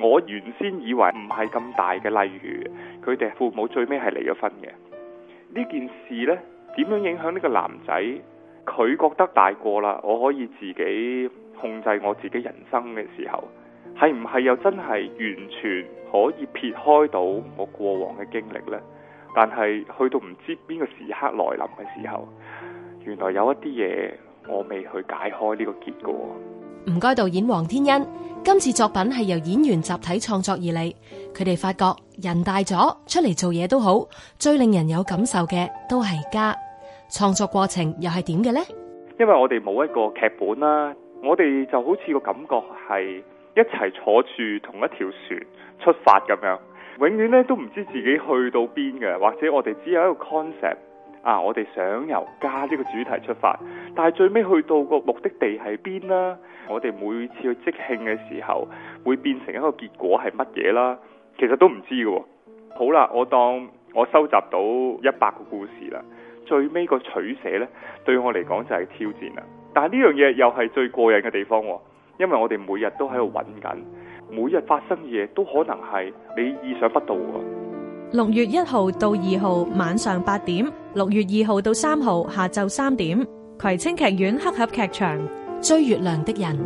我原先以為唔係咁大嘅例如，佢哋父母最尾係離咗婚嘅。呢件事呢，點樣影響呢個男仔？佢覺得大個啦，我可以自己控制我自己人生嘅時候，係唔係又真係完全可以撇開到我過往嘅經歷呢？但係去到唔知邊個時刻來臨嘅時候，原來有一啲嘢我未去解開呢個結果。唔該，導演黃天恩，今次作品係由演員集體創作而嚟。佢哋發覺人大咗出嚟做嘢都好，最令人有感受嘅都係家。創作過程又係點嘅呢？因為我哋冇一個劇本啦，我哋就好似個感覺係一齊坐住同一條船出發咁樣，永遠咧都唔知自己去到邊嘅，或者我哋只有一個 concept。啊！我哋想由家呢個主題出發，但係最尾去到個目的地係邊啦？我哋每次去即興嘅時候，會變成一個結果係乜嘢啦？其實都唔知嘅喎。好啦，我當我收集到一百個故事啦，最尾個取捨呢，對我嚟講就係挑戰啦。但係呢樣嘢又係最過癮嘅地方喎，因為我哋每日都喺度揾緊，每日發生嘅嘢都可能係你意想不到啊！六月一號到二號晚上八點。六月二號到三號下晝三點，葵青劇院黑盒劇場《追月亮的人》。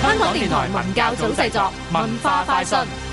香港電台文教組製作，文化快訊。